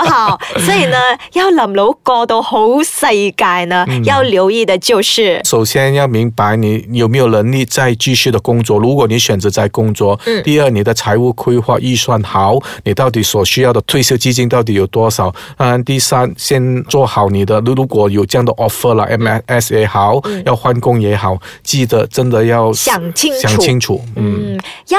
好， 所以呢，要臨老過到好世界呢，嗯、要留意的就是，首先要明白你有沒有能力再繼續的工作。如果你選擇在工作，嗯、第二你的財務規劃預算好，你到底所需要的退休基金到底有多少？嗯、第三，先做好你的，如果有這樣的 offer 啦，M S,、嗯、 MS 也好，嗯、要換工也好，記得真的要想清，想清楚，嗯，嗯要。